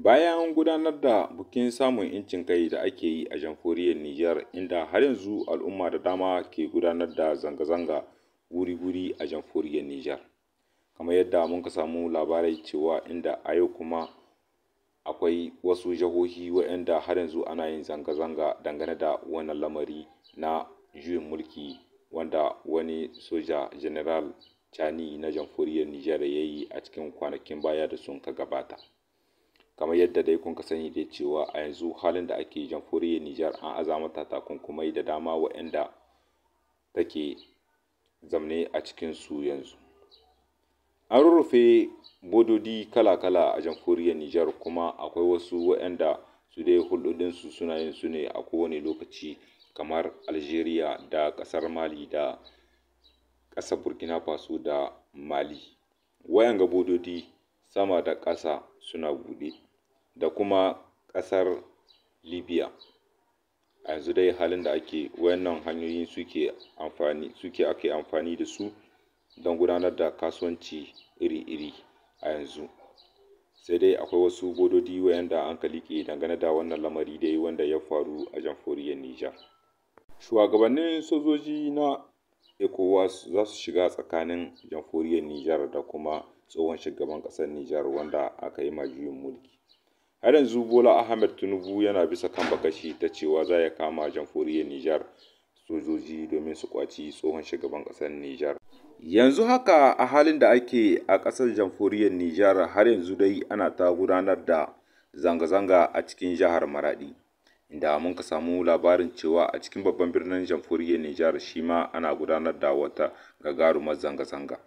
Bayan gudanar da bukin samun 'yancin kai da ake yi a jamhuriyar Nijar inda har yanzu al'umma da dama ke gudanar da zanga-zanga guri-guri a jamhuriyar Nijar. Kamar yadda mun ka samu labarai cewa inda a yau kuma akwai wasu jihohi waɗanda har yanzu ana yin zanga-zanga dangane da wannan lamari na juyin mulki wanda wani soja General Chani na jamhuriyar Nijar ya yi a cikin kwanakin baya da sun ka gabata. kamar yadda dai kun sani dai cewa a yanzu halin da ake jamhuriyar Nijar an aza mata takunkumai da dama waɗanda take zamne a cikin su yanzu an rurrufe bododi kala-kala a jamhuriyar Nijar kuma akwai wasu waɗanda su dai su suna yin su ne a kowane lokaci kamar Algeria da ƙasar Mali da ƙasar Burkina Faso da Mali ga bododi sama da ƙasa suna buɗe da kuma ƙasar Libya. A yanzu dai halin da ake wayannan hanyoyin suke amfani suke ake amfani da su don gudanar da kasuwanci iri-iri a yanzu. Sai dai akwai wasu bododi wayanda an liƙe dangane da wannan lamari dai wanda ya faru a jamhuriyar Nijar. Shugabannin sojoji na ECOWAS za su shiga tsakanin jamhuriyar Nijar da kuma tsohon shugaban ƙasar Nijar wanda aka yi ma juyin mulki. har yanzu bola ahmed tinubu yana bisa kan bakashi ta cewa za ya kama jamhuriyar nijar sojoji domin su kwaci tsohon shugaban ƙasar nijar yanzu haka a halin da ake a ƙasar jamhuriyar nijar har yanzu dai ana ta gudanar da zanga-zanga a cikin jihar maradi inda mun ka samu labarin cewa a cikin babban birnin jamhuriyar nijar shi ma ana gudanar da wata gagarumar zanga-zanga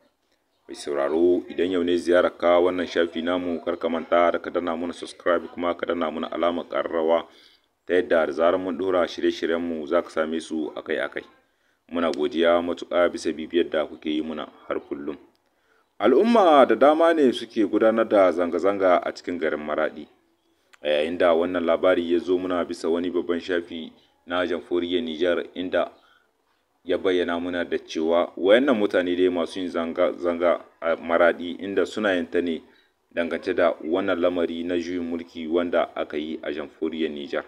mai sauraro idan yau ne ziyarar ka wannan shafi namu kar ka manta da ka dana mana subscribe kuma ka dana mana alamar ƙararrawa ta yadda da zarar mun dora shirye-shiryenmu za ka same su akai-akai muna godiya matuƙa bisa bibiyar da kuke yi muna har kullum al'umma da dama ne suke gudanar da zanga-zanga a cikin garin maraɗi a yayin da wannan labari ya zo muna bisa wani babban shafi na jamhuriyar Nijar inda ya bayyana muna da cewa wayannan mutane dai masu yin zanga-zanga a maraɗi inda suna yin ta ne dangance da wannan lamari na juyin mulki wanda aka yi a jamhuriyar Nijar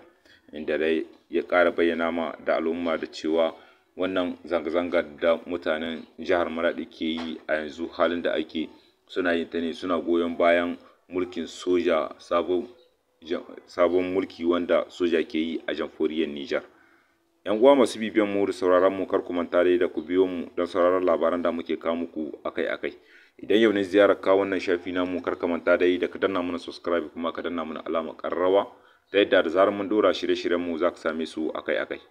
inda dai ya ƙara bayyana ma da al'umma da cewa wannan zanga zanga da mutanen jihar Maraɗi ke yi a yanzu halin da ake suna yin ta ne suna goyon bayan mulkin soja sabon mulki wanda soja ke yi a jamhuriyar Nijar. 'yan uwa masu bibiyan mu da sauraron mu kar ku manta dai da ku biyo mu don sauraron labaran da muke kawo muku akai akai idan yau ne ziyarar ka wannan shafi mu kar ka manta dai da ka danna mana subscribe kuma ka danna mana alama karrawa ta yadda da zarar mun dora shirye-shiryen mu za ka same su akai akai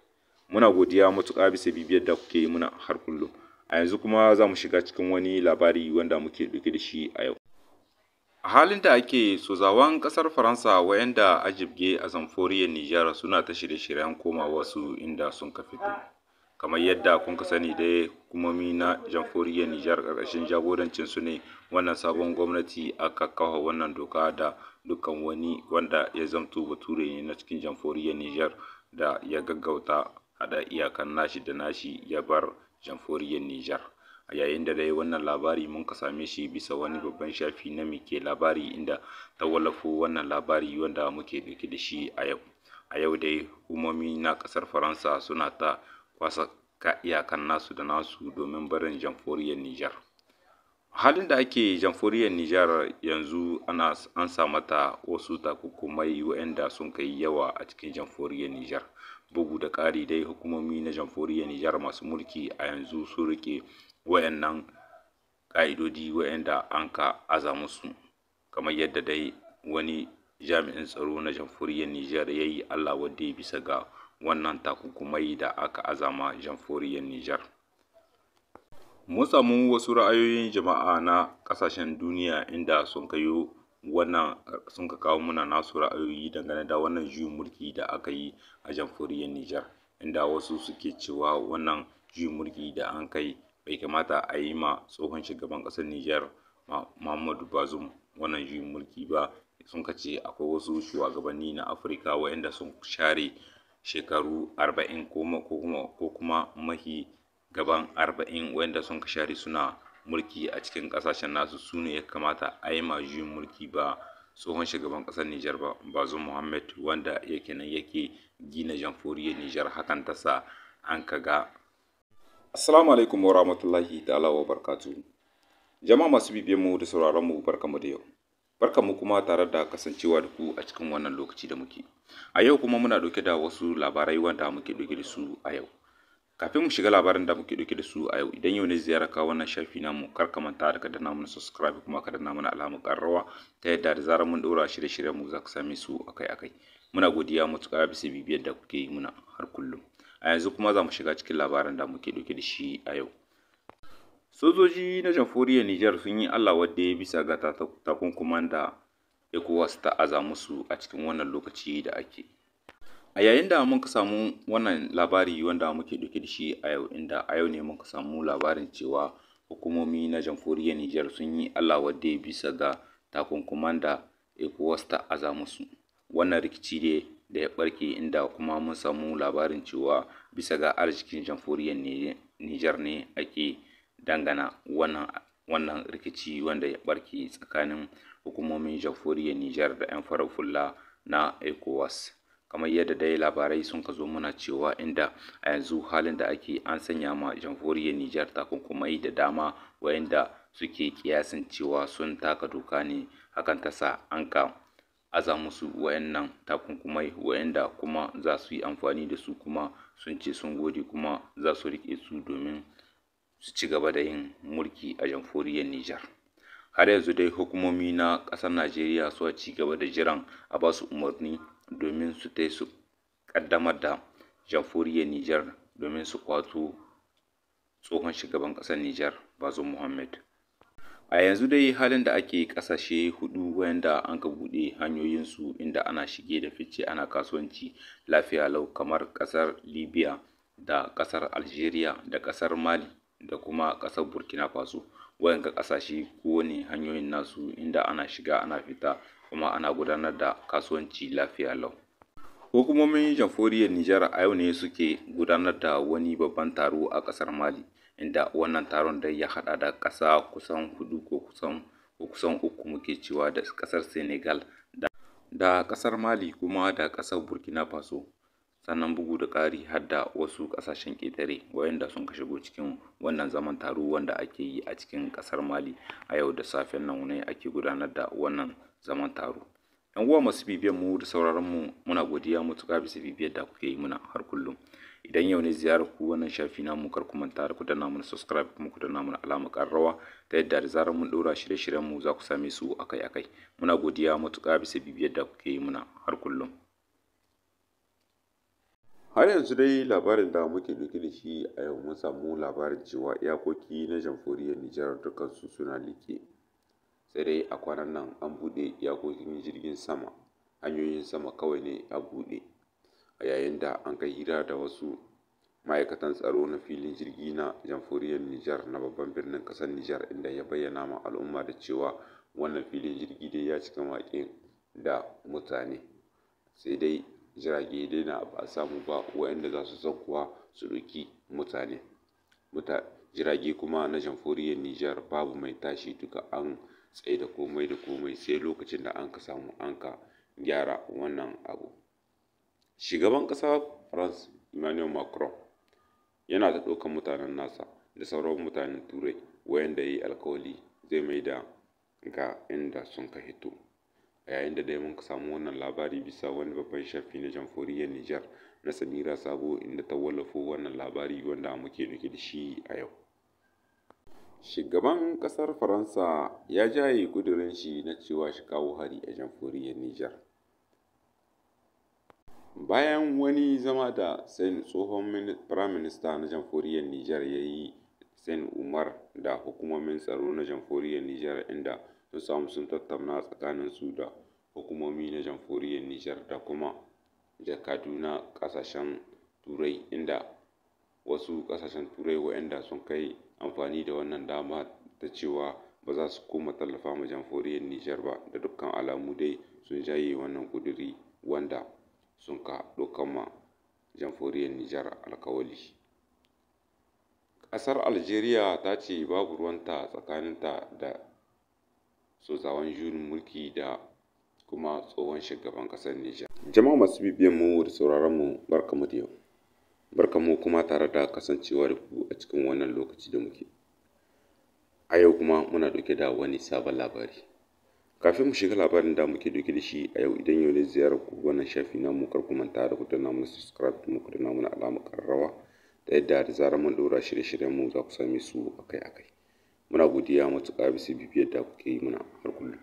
muna godiya matuƙa bisa bibiyar da kuke yi muna har kullum a yanzu kuma za mu shiga cikin wani labari wanda muke ɗauke da shi a yau A halin da ake sozawan ƙasar Faransa wayanda a jibge a zamforiyar Nijar suna ta shirye-shiryen komawarsu inda sun ka fito. Kamar yadda kun ka sani dai hukumomi na jamforiyar Nijar ƙarƙashin jagorancin su ne wannan sabon gwamnati aka kawo wannan doka da dukkan wani wanda ya zamto bature ne na cikin jamforiyar Nijar da ya gaggauta haɗa iyakan nashi da nashi ya bar jamforiyar Nijar. a yayin da dai wannan labari mun ka same shi bisa wani babban shafi na muke labari inda ta wallafo wannan labari wanda muke ɗauke da shi a yau a yau dai hukumomi na ƙasar faransa suna ta kwasa ka iyakan nasu da nasu domin barin jamhuriyar nijar halin da ake jamhuriyar Nijar yanzu ana an samu mata wasu takunkumai waɗanda sun kai yawa a cikin jamhuriyar Nijar bugu da ƙari dai hukumomi na jamhuriyar nijar masu mulki a yanzu su rike wayannan ƙa'idodi wayanda an ka aza musu kamar yadda dai wani jami'in tsaro na jamhuriyar nijar ya yi allah wadda bisa ga wannan takunkumai da aka azama jamhuriyar nijar mun samu wasu ra'ayoyin jama'a na ƙasashen duniya inda sun kayo wannan eh, sun ka kawo muna nasu ra'ayoyi dangane da wannan juyin mulki da aka yi a jamhuriyar Nijar inda wasu suke cewa wannan juyin mulki da an kai bai kamata a yi ma tsohon shugaban ƙasar Nijar Muhammadu Bazoum wannan juyin mulki ba sun ka ce akwai wasu shugabanni na Afirka waɗanda sun share shekaru arba'in ko kuma mahi gaban arba'in wanda sun ka share suna mulki a cikin kasashen nasu su ne ya kamata a yi ma mulki ba tsohon shugaban kasar Nijar ba Bazoum Mohammed wanda yake nan yake gina jamhuriyar Nijar hakan ta sa an kaga Assalamu alaikum wa rahmatullahi ta'ala wa barkatu. Jama'a masu bibiyan mu da sauraron mu barkamu da yau. Barkamu kuma tare da kasancewa da ku a cikin wannan lokaci da muke. A yau kuma muna dauke da wasu labarai wanda muke dauke da su a yau. kafin mu shiga labarin da muke dauke da su a yau idan yau ne ziyara ka wannan shafi namu kar ka manta da ka danna mana subscribe kuma ka danna mana alamar karrawa ta yadda da zarar mun dora shirye-shiryen mu za ka same su akai-akai muna godiya mutuka bisa bibiyar da kuke yi muna har kullum a yanzu kuma za mu shiga cikin labarin da muke dauke da shi a yau sojoji na jamhuriya Nijar sun yi Allah wadda ya bisa ga takunkuman da ECOWAS ta aza musu a cikin wannan lokaci da ake A yayin da muka samu wannan labari wanda muke ɗauke da shi a yau inda a yau ne muka samu labarin cewa hukumomi na jamhuriyar Nijar sun yi Allah wadde bisa ga takunkuman da ECOWAS ta aza musu. Wannan rikici ne da ya ɓarke inda kuma mun samu labarin cewa bisa ga arzikin jamhuriyar Nijar ne ake dangana wannan rikici wanda ya ɓarke tsakanin hukumomin jamhuriyar Nijar da 'yan farar na ECOWAS. kamar yadda dai labarai sun ka zo muna cewa inda a yanzu halin da ake an sanya ma jamhuriyar Nijar takunkumai da dama wayanda suke kiyasin cewa sun taka doka ne hakan ta sa an ka aza musu wayannan takunkumai wayanda kuma za su yi amfani da su kuma sun ce sun gode kuma za su riƙe su domin su ci gaba da yin mulki a jamhuriyar Nijar. Har yanzu dai hukumomi na ƙasar Najeriya su ci gaba da jiran a ba su umarni domin su tai su ƙaddamar da jamhuriyar Nijar domin su kwato tsohon shugaban ƙasar Nijar Bazoum Mohammed. A yanzu dai halin da ake ƙasashe hudu wayanda an ka buɗe hanyoyinsu inda ana shige da fice ana kasuwanci lafiya lau kamar ƙasar Libya da ƙasar Algeria da ƙasar Mali da kuma ƙasar Burkina Faso. Wayanga ƙasashe kowane hanyoyin nasu inda ana shiga ana fita kuma ana gudanar da kasuwanci lafiya lau. Hukumomin jamhuriyar Nijar a yau ne suke gudanar da wani babban taro a ƙasar Mali, inda wannan taron da ya haɗa da ƙasa kusan hudu ko kusan ko kusan uku muke cewa da ƙasar Senegal da da ƙasar Mali kuma da ƙasar Burkina Faso. sannan bugu da ƙari har da wasu ƙasashen ƙetare wayanda sun ka shigo cikin wannan zaman taro wanda ake yi a cikin ƙasar mali a yau da safen nan ne ake gudanar da wannan zaman taro yan uwa masu bibiyan mu da sauraron mu muna godiya matuƙa bisa bibiyar da kuke yi muna har kullum idan yau ne ziyarar ku wannan shafi na mu kar ku manta da ku danna mana subscribe kuma ku danna mana alamar karrawa ta yadda da zarar mun ɗora shirye-shiryen mu za ku same su akai-akai muna godiya matuƙa bisa bibiyar da kuke yi muna har kullum har yanzu dai labarin da muke ɗauke da shi a yau mun samu labarin cewa iyakoki na jamhuriyar nijar su suna liƙe sai dai a kwanan nan an buɗe iyakokin jirgin sama hanyoyin sama kawai ne a buɗe a yayin da an kai hira da wasu ma'aikatan tsaro na filin jirgi na jamhuriyar Nijar na babban birnin ƙasar Nijar inda ya bayyana ma al'umma da cewa wannan filin jirgi dai ya cika maƙin da mutane sai dai jirage dai na ba a samu ba waɗanda za su kuwa su ɗauki mutane jirage kuma na jamhuriyar Nijar babu mai tashi duka an tsaye da komai da komai sai lokacin da an ka samu an ka gyara wannan abu shugaban ƙasa Frans emmanuel macron yana da ɗaukan mutanen nasa da sauran mutanen turai wayanda ya yi alkawali zai mai da ga inda sun ka hito a yayin da dai mun samu wannan labari bisa wani babban shafi na ya Nijar na samira sabo inda ta wallafo wannan labari wanda muke nuke da shi a yau Shugaban ƙasar Faransa ya jaye ƙudurin shi na cewa shi kawo hari a jamhuriyar Nijar. Bayan wani zama da Sen tsohon firaminista na jamhuriyar Nijar ya yi Sen Umar da hukumomin tsaro na jamhuriyar Nijar inda sun samu sun tattauna tsakanin su da hukumomi na jamhuriyar Nijar da kuma jakadu na ƙasashen Turai inda wasu ƙasashen Turai waɗanda sun kai amfani da wannan dama ta cewa ba za su koma tallafa ma jamhuriyar Nijar ba da dukkan alamu dai sun jaye wannan ƙuduri wanda sun ka ɗaukan ma jamhuriyar Nijar alkawali. Ƙasar aljeriya ta ce babu ruwanta tsakaninta da sozawan juyin mulki da kuma tsohon shugaban ƙasar Nijar. Jama'a masu bibiyan mu da sauraron mu barkamu da yau. barkanmu kuma tare da kasancewa da ku a cikin wannan lokaci da muke a yau kuma muna ɗauke da wani sabon labari kafin mu shiga labarin da muke ɗauke da shi a yau idan yau ne ziyarar ku wannan shafi na mu karku manta da ku danna mana subscribe kuma ku danna mana alamar ƙararrawa da yadda da zarar mun ɗora shirye-shiryen mu za ku same su akai-akai muna godiya matuƙa bisa bibiyar da kuke yi mana har kullum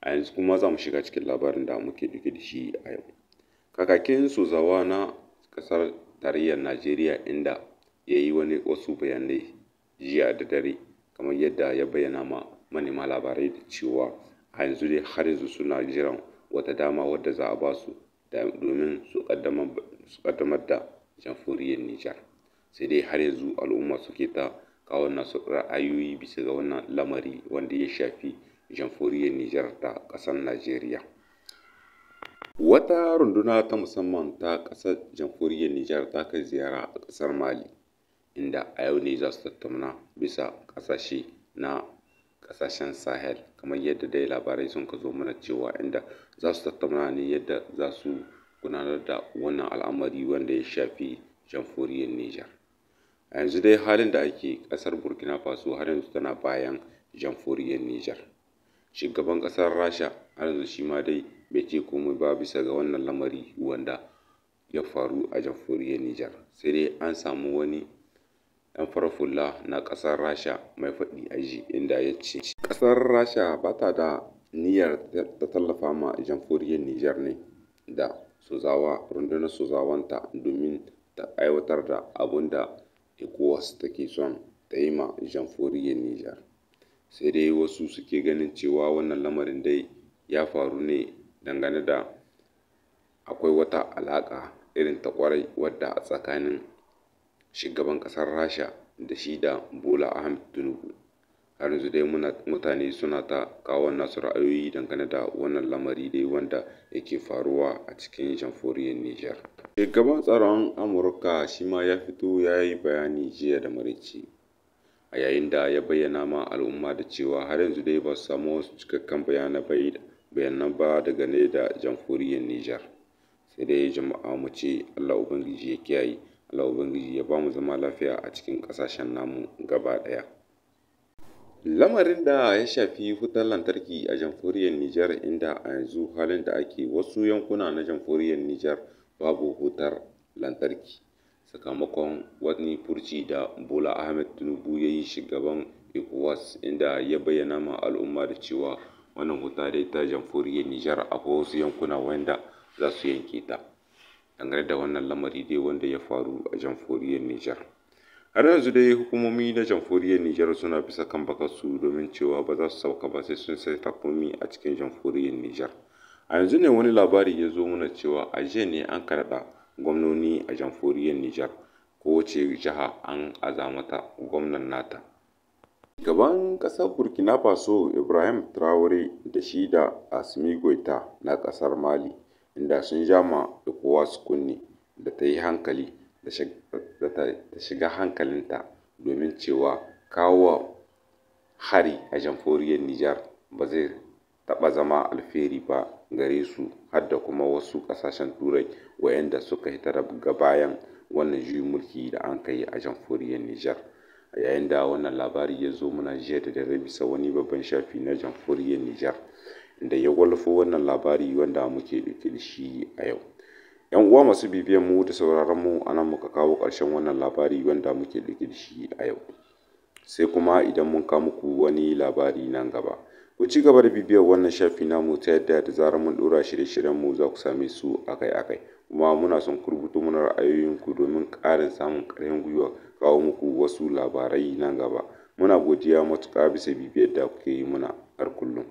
a yanzu kuma za mu shiga cikin labarin da muke ɗauke da shi a yau kakakin sozawa na ƙasar tarayyar Najeriya inda ya yi wani wasu bayanai jiya da dare kamar yadda ya bayyana ma manema labarai da cewa a yanzu dai har yanzu suna jiran wata dama wadda za a ba su domin su kaddamar da jamhuriyar Nijar. Sai dai har yanzu al'umma suke ta kawo nasu ra'ayoyi bisa ga wannan lamari wanda ya shafi jamhuriyar Nijar ta ƙasar Najeriya. Wata runduna ta musamman ta ƙasar Jamhuriyar Nijar ta kai ziyara a ƙasar Mali, inda a yau ne za su tattauna bisa ƙasashe na ƙasashen Sahel kamar yadda dai labarai sun zo mana cewa inda za su tattauna ne yadda za su gudanar da wannan al'amari wanda ya shafi Jamhuriyar Nijar. A yanzu dai halin da ake ƙasar Burkina Faso har yanzu tana bayan Jamhuriyar Nijar. Shugaban ƙasar Rasha har yanzu shi ma dai bai ce komai ba bisa ga wannan lamari wanda ya faru a jamhuriyar Nijar sai dai an samu wani ɗan farfulla na ƙasar Rasha mai faɗi aji inda ya ce ƙasar Rasha ba ta da niyyar ta tallafa ma jamhuriyar Nijar ne da suzawa rundunar suzawanta domin ta aiwatar da abun da ECOWAS take son ta yi ma jamhuriyar Nijar sai dai wasu suke ganin cewa wannan lamarin dai ya faru ne dangane da akwai wata alaƙa irin ta ƙwarai wadda a tsakanin shugaban ƙasar Rasha da shi da Bola Ahmed Tinubu. Har yanzu dai mutane suna ta kawo nasu ra'ayoyi dangane da wannan lamari dai wanda yake faruwa a cikin jamhuriyar Nijar. Shugaban tsaron Amurka shi ma ya fito ya yi bayani jiya da maraice a yayin da ya bayyana ma al'umma da cewa har yanzu dai ba su samu wasu cikakken bayanai bayan nan ba daga ne da jamhuriyar Nijar. Sai dai jama'a mu ce Allah Ubangiji ya kiyaye, Allah Ubangiji ya ba mu zama lafiya a cikin ƙasashen namu gaba ɗaya. Lamarin da ya shafi wutar lantarki a jamhuriyar Nijar inda a yanzu halin da ake wasu yankuna na jamhuriyar Nijar babu wutar lantarki. Sakamakon wani furci da Bola Ahmed Tinubu ya yi shugaban ECOWAS inda ya bayyana ma al'umma da cewa wannan wuta dai ta jamhuriyar Nijar a wasu yankuna wanda za su yanke ta dangane da wannan lamari dai wanda ya faru a jamhuriyar Nijar. Har yanzu dai hukumomi na jamhuriyar Nijar suna bisa kan bakarsu domin cewa ba za su sauka ba sai sun sai takumi a cikin jamhuriyar Nijar. A yanzu ne wani labari ya zo mana cewa a jiya ne an karɗa gwamnoni a jamhuriyar Nijar kowace jiha an azamata gwamnan nata. gaban ƙasar Burkina Faso Ibrahim Traore da shi da Assimi Goita na ƙasar Mali, inda sun da ma ECOWAS kunne da ta yi hankali da shiga hankalinta domin cewa kawo hari a jamhuriyar Nijar ba zai taɓa zama alferi ba gare su har kuma wasu ƙasashen Turai wayanda suka hita ga bayan wannan juyin mulki da an kai a jamhuriyar Nijar. a yayin da wannan labari ya zo muna jiya da dare bisa wani babban shafi na jamhuriyar Nijar da ya wallafo wannan labari wanda muke ɗauke da shi a yau. ‘Yan uwa masu bibiyan mu da sauraron mu a nan muka kawo ƙarshen wannan labari wanda muke ɗauke da shi a yau. Sai kuma idan mun kawo muku wani labari nan gaba. Ku ci gaba da bibiyar wannan shafi namu ta yadda da zarar mun ɗora shirye-shiryen mu za ku same su akai-akai. kuma muna son ku rubuto mana ra'ayoyinku domin ƙarin samun ƙarfin gwiwa kawo muku wasu labarai nan gaba. Muna godiya matuƙa bisa bibiyar da kuke yi muna har kullum.